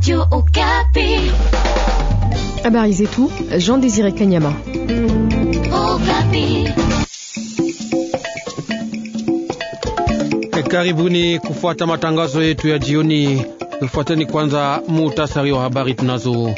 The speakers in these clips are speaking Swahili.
Radio Okapi. Habari zetu Jean Désiré Kanyama. Okapi. Eh, karibuni kufuata matangazo yetu ya jioni. Fuateni kwanza muhtasari wa habari tunazo.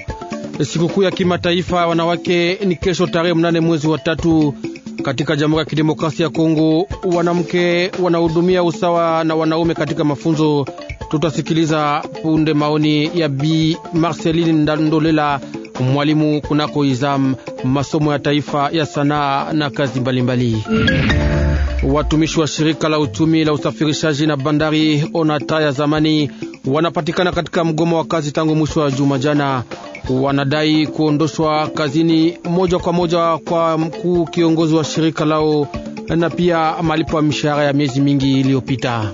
Eh, sikukuu ya kimataifa taifa wanawake ni kesho tarehe mnane mwezi wa tatu. Katika Jamhuri ya Kidemokrasia ya Kongo, wanamke wanahudumia usawa na wanaume katika mafunzo Tutasikiliza punde maoni ya Bi Marceline Ndandolela, mwalimu kunako izam masomo ya taifa ya sanaa na kazi mbalimbali mbali. Watumishi wa shirika la uchumi la usafirishaji na bandari Onata ya zamani wanapatikana katika mgomo wa kazi tangu mwisho wa juma jana. Wanadai kuondoshwa kazini moja kwa moja kwa mkuu kiongozi wa shirika lao na pia malipo ya mishahara ya miezi mingi iliyopita.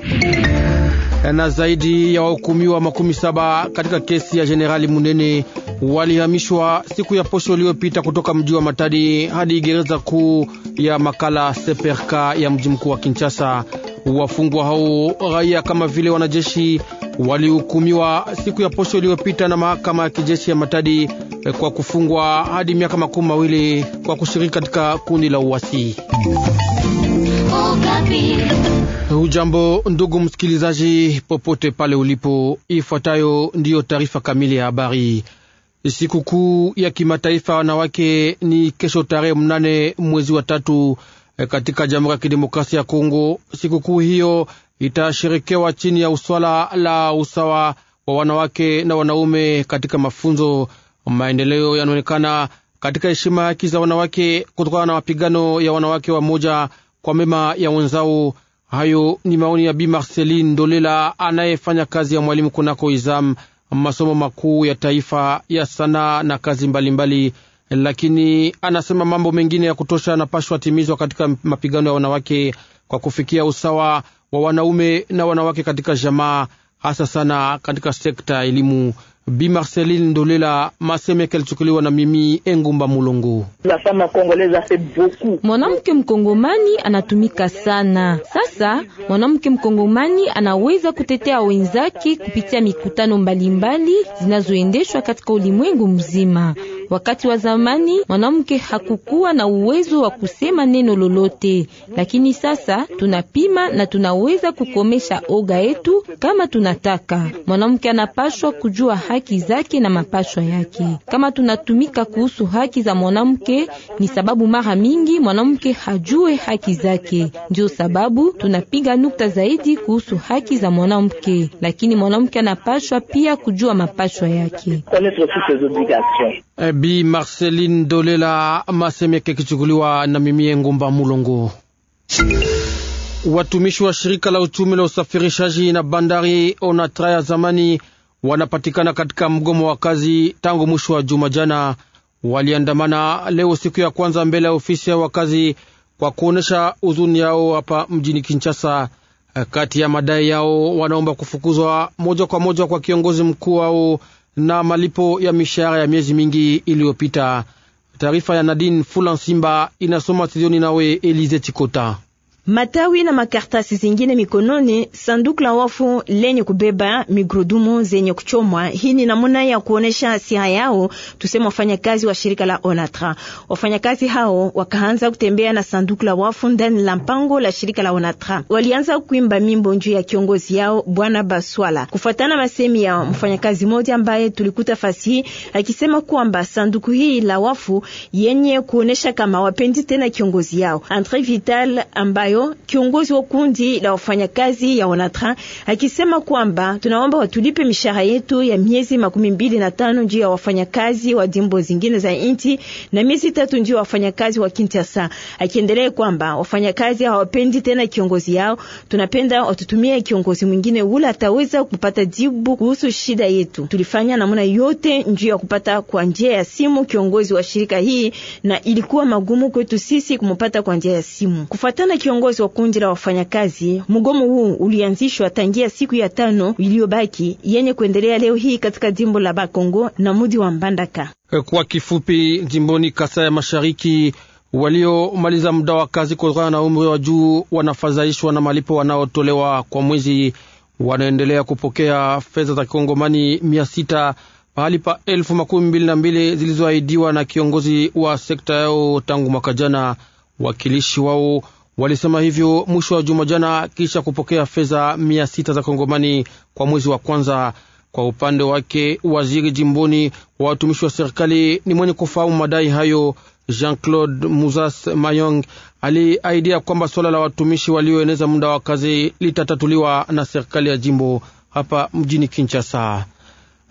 Eh, na zaidi ya wahukumiwa makumi saba katika kesi ya Jenerali Munene walihamishwa siku ya posho iliyopita kutoka mji wa Matadi hadi gereza kuu ya Makala Seperka ya mji mkuu wa Kinshasa. Wafungwa hao raia kama vile wanajeshi walihukumiwa siku ya posho iliyopita na mahakama ya kijeshi ya Matadi eh, kwa kufungwa hadi miaka makumi mawili kwa kushiriki katika kundi la uasi. Ujambo ndugu msikilizaji, popote pale ulipo, ifuatayo ndiyo taarifa kamili ya habari. Sikukuu ya kimataifa wanawake ni kesho tarehe mnane mwezi wa tatu eh, katika Jamhuri ya Kidemokrasia ya Kongo. Sikukuu hiyo itasherekewa chini ya uswala la usawa wa wanawake na wanaume katika mafunzo. Maendeleo yanaonekana katika heshima haki za wanawake kutokana na mapigano ya wanawake wamoja kwa mema ya wenzao. Hayo ni maoni ya Bi Marcelin Ndolela anayefanya kazi ya mwalimu kunako izam masomo makuu ya taifa ya sanaa na kazi mbalimbali mbali. Lakini anasema mambo mengine ya kutosha yanapashwa timizwa katika mapigano ya wanawake kwa kufikia usawa wa wanaume na wanawake katika jamaa, hasa sana katika sekta ya elimu. Bi Marceline Ndolela, maseme kalichukuliwa na mimi Engumba Mulungu. Mwanamke mkongomani anatumika sana. Sasa mwanamke mkongomani anaweza kutetea wenzake kupitia mikutano mbalimbali zinazoendeshwa katika ulimwengu mzima. Wakati wa zamani mwanamke hakukuwa na uwezo wa kusema neno lolote, lakini sasa tunapima na tunaweza kukomesha oga yetu kama tunataka. Mwanamke anapashwa kujua haki zake na mapashwa yake. Kama tunatumika kuhusu haki za mwanamke, ni sababu mara mingi mwanamke hajue haki zake. Ndio sababu tunapiga nukta zaidi kuhusu haki za mwanamke, lakini mwanamke anapashwa pia kujua mapashwa yake. Eh, Bi Marceline Dolela Masemeke kichukuliwa na Mimie Ngumba Mulongo. Watumishi wa shirika la uchumi la usafirishaji na bandari Onatra ya zamani wanapatikana katika mgomo wa kazi tangu mwisho wa juma jana. Waliandamana leo siku ya kwanza mbele ya ofisi ya wakazi kwa kuonesha huzuni yao hapa mjini Kinshasa. Eh, kati ya madai yao wanaomba kufukuzwa moja kwa moja kwa kiongozi mkuu wao na malipo ya mishahara ya miezi mingi iliyopita. Taarifa ya Nadine Fulansimba inasoma studioni nawe Elize Chikota matawi na makartasi zingine mikononi, sanduku la wafu lenye kubeba migurudumu zenye kuchomwa. Hii ni namna ya kuonesha siha yao, tuseme wafanyakazi wa shirika la Onatra. Wafanyakazi hao wakaanza kutembea na sanduku la wafu ndani la mpango la shirika la Onatra, walianza kuimba mimbo juu ya kiongozi yao Bwana Baswala, kufuatana masemi ya mfanyakazi mmoja ambaye tulikuta fasi akisema kwamba sanduku hii la wafu yenye kuonesha kama wapendi tena kiongozi yao Andre Vital ambayo hiyo, kiongozi wa kundi la wafanyakazi ya Onatra akisema kwamba tunaomba watulipe mishahara yetu ya miezi makumi mbili na tano ndio ya wafanyakazi wa jimbo zingine za nchi na miezi tatu ya wafanyakazi wa Kinshasa. Akiendelea kwamba wafanyakazi hawapendi tena kiongozi yao, tunapenda watutumie kiongozi mwingine ule ataweza kupata jibu kuhusu shida yetu. Tulifanya namna yote njia ya kupata kwa njia ya simu kiongozi wa shirika hii, na ilikuwa magumu kwetu sisi kumupata kwa njia ya simu kufuatana kiongozi kiongozi wa kundi la wafanyakazi. Mgomo huu ulianzishwa tangia siku ya tano iliyobaki yenye kuendelea leo hii katika jimbo la Bakongo na mudi wa Mbandaka. Eh, kwa kifupi, jimboni kasa ya Mashariki, waliomaliza muda wa kazi kutokana na umri wa juu wanafadhaishwa na malipo wanaotolewa kwa mwezi. Wanaendelea kupokea fedha za kikongomani mia sita pahali pa elfu makumi mbili na mbili zilizoahidiwa na kiongozi wa sekta yao tangu mwaka jana. Wakilishi wao Walisema hivyo mwisho wa juma jana, kisha kupokea fedha mia sita za kongomani kwa mwezi wa kwanza. Kwa upande wake, waziri jimboni wa watumishi wa serikali ni mwenye kufahamu madai hayo. Jean-Claude Muzas Mayong aliaidia kwamba suala la watumishi walioeneza muda wa kazi litatatuliwa na serikali ya jimbo hapa mjini Kinshasa.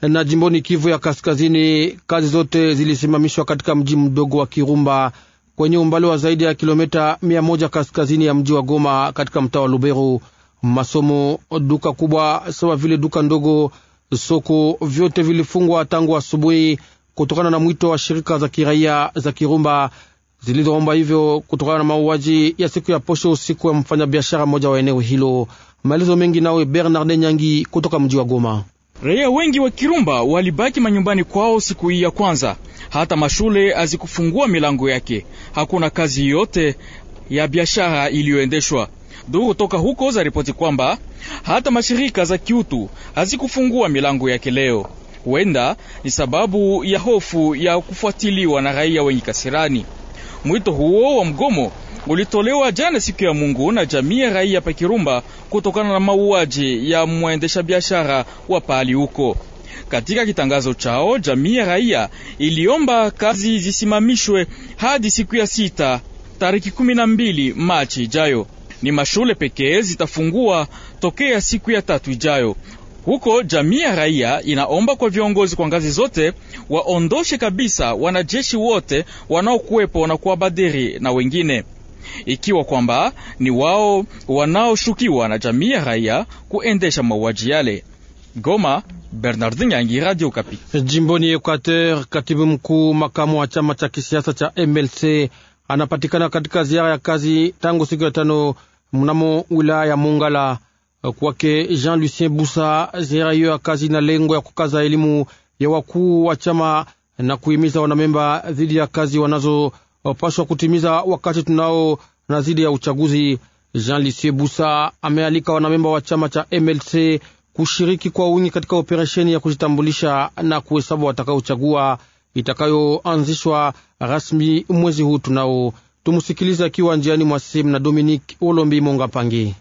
Na jimboni Kivu ya Kaskazini, kazi zote zilisimamishwa katika mji mdogo wa Kirumba kwenye umbali wa zaidi ya kilomita mia moja kaskazini ya mji wa Goma katika mtaa wa Lubero. Masomo, duka kubwa sawa vile duka ndogo, soko, vyote vilifungwa tangu asubuhi kutokana na mwito wa shirika za kiraia za Kirumba zilizoomba hivyo kutokana na mauaji ya siku ya posho usiku ya mfanyabiashara mmoja wa eneo hilo. Maelezo mengi nawe Bernard Nyangi kutoka mji wa Goma. Raia wengi wa Kirumba walibaki manyumbani kwao siku hii ya kwanza, hata mashule hazikufungua milango yake. Hakuna kazi yote ya biashara iliyoendeshwa. Duru toka huko za ripoti kwamba hata mashirika za kiutu hazikufungua milango yake leo. Huenda ni sababu ya hofu ya kufuatiliwa na raia wenye kasirani. Mwito huo wa mgomo ulitolewa jana siku ya Mungu na jamii ya raia pa Kirumba kutokana na mauaji ya mwendesha biashara wa pahali huko. Katika kitangazo chao, jamii ya raia iliomba kazi zisimamishwe hadi siku ya sita tariki mbili Machi ijayo. Ni mashule pekee zitafungua tokea siku ya tatu ijayo. Huko jamii ya raia inaomba kwa viongozi kwa ngazi zote waondoshe kabisa wanajeshi wote wanaokuwepo na kuwabadhiri na wengine ikiwa kwamba ni wao wanaoshukiwa na jamii ya raia kuendesha mauaji yale. Goma, Bernard Nyangi, Radio Kapi. Jimboni Equateur, katibu mkuu makamu wa chama cha kisiasa cha MLC anapatikana katika ziara ya kazi tangu siku ya tano mnamo wilaya ya Mongala. Kwake Jean-Lucien Busa, ziara hiyo ya kazi lengo ya kukaza elimu ya wakuu wa chama na kuhimiza wanamemba dhidi ya kazi wanazopashwa kutimiza wakati tunao na dhidi ya uchaguzi. Jean-Lucien Busa amealika wanamemba wa chama cha MLC kushiriki kwa wingi katika operesheni ya kujitambulisha na kuhesabu watakaochagua itakayoanzishwa rasmi mwezi huu tunao Tumusikilize akiwa njiani mwa simu na Dominic Olombi Monga Pangi.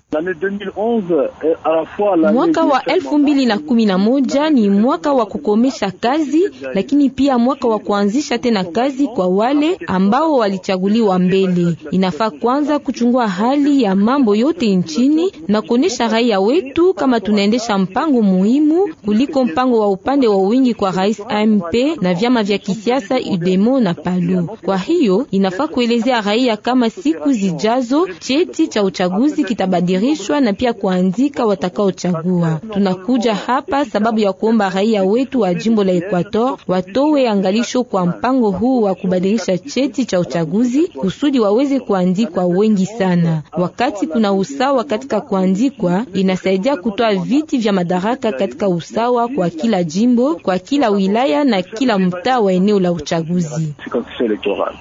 Mwaka wa elfu mbili na kumi na moja ni mwaka wa kukomesha kazi, lakini pia mwaka wa kuanzisha tena kazi kwa wale ambao walichaguliwa mbele. Inafaa kwanza kuchungua hali ya mambo yote nchini na kuonesha raia wetu kama tunaendesha mpango muhimu kuliko mpango wa upande wa wingi kwa rais AMP na vyama vya kisiasa Udemo na Palu. Kwa hiyo inafaa kuelezea kufurahia kama siku zijazo cheti cha uchaguzi kitabadirishwa na pia kuandika watakaochagua. Tunakuja hapa sababu ya kuomba raia wetu wa jimbo la Equator watowe angalisho kwa mpango huu wa kubadilisha cheti cha uchaguzi kusudi waweze kuandikwa wengi sana. Wakati kuna usawa katika kuandikwa, inasaidia kutoa viti vya madaraka katika usawa kwa kila jimbo, kwa kila wilaya na kila mtaa wa eneo la uchaguzi.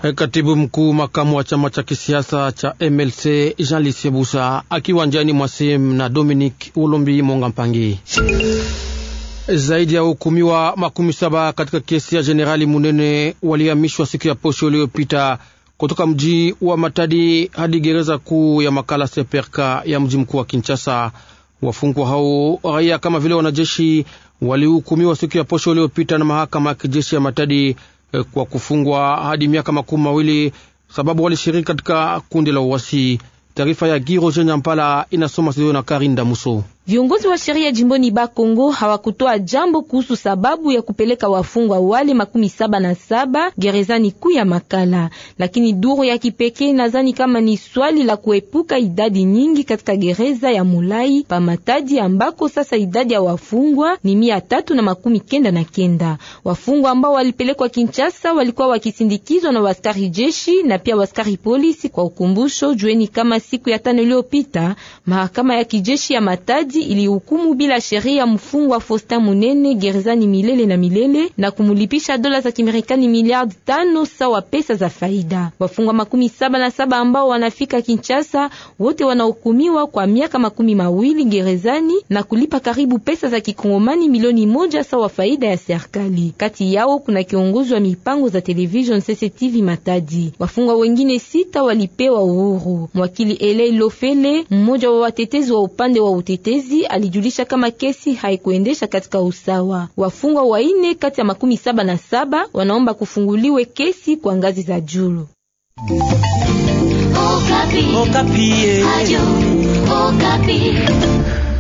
Eh, katibu mkuu makamu wa chama cha kisiasa cha MLC Jean Lisie Busa akiwa njani mwasim na Dominic Ulombi Monga Mpangi. Zaidi ya hukumiwa makumi saba katika kesi ya Jenerali Munene walihamishwa siku ya posho iliyopita kutoka mji wa Matadi hadi gereza kuu ya Makala Seperka ya mji mkuu wa Kinshasa. Wafungwa hao raia kama vile wanajeshi walihukumiwa siku ya posho iliyopita na mahakama ya kijeshi ya Matadi eh, kwa kufungwa hadi miaka makumi mawili sababu walishiriki katika kundi la uwasi. Taarifa ya giroje Nyampala inasoma Sidoni na Karinda Muso. Viongozi wa sheria jimboni Bakongo hawakutoa jambo kuhusu sababu ya kupeleka wafungwa wale makumi saba na saba gerezani kuu ya Makala, lakini duru ya kipekee nadhani kama ni swali la kuepuka idadi nyingi katika gereza ya Mulai pa Matadi, ambako sasa idadi ya wafungwa ni mia tatu na makumi kenda na kenda. Wafungwa ambao walipelekwa Kinshasa walikuwa wakisindikizwa na waskari jeshi na pia waskari polisi. Kwa ukumbusho, jueni kama siku ya tano iliyopita mahakama ya kijeshi ya Matadi Rwandi ilihukumu bila sheria mfungwa Fosta Munene gerezani milele na milele na kumulipisha dola za Kimarekani miliardi tano sawa pesa za faida. Wafungwa makumi saba na saba ambao wanafika Kinshasa wote wanahukumiwa kwa miaka makumi mawili gerezani na kulipa karibu pesa za kikongomani milioni moja sawa faida ya serikali. Kati yao kuna kiongozi wa mipango za television CCTV Matadi. Wafungwa wengine sita walipewa uhuru. Mwakili Elei Lofele, mmoja wa watetezi wa upande wa utetezi uchunguzi alijulisha kama kesi haikuendesha katika usawa. Wafungwa waine kati ya makumi saba na saba wanaomba kufunguliwe kesi kwa ngazi za julu. Okapi. Okapi. Eh.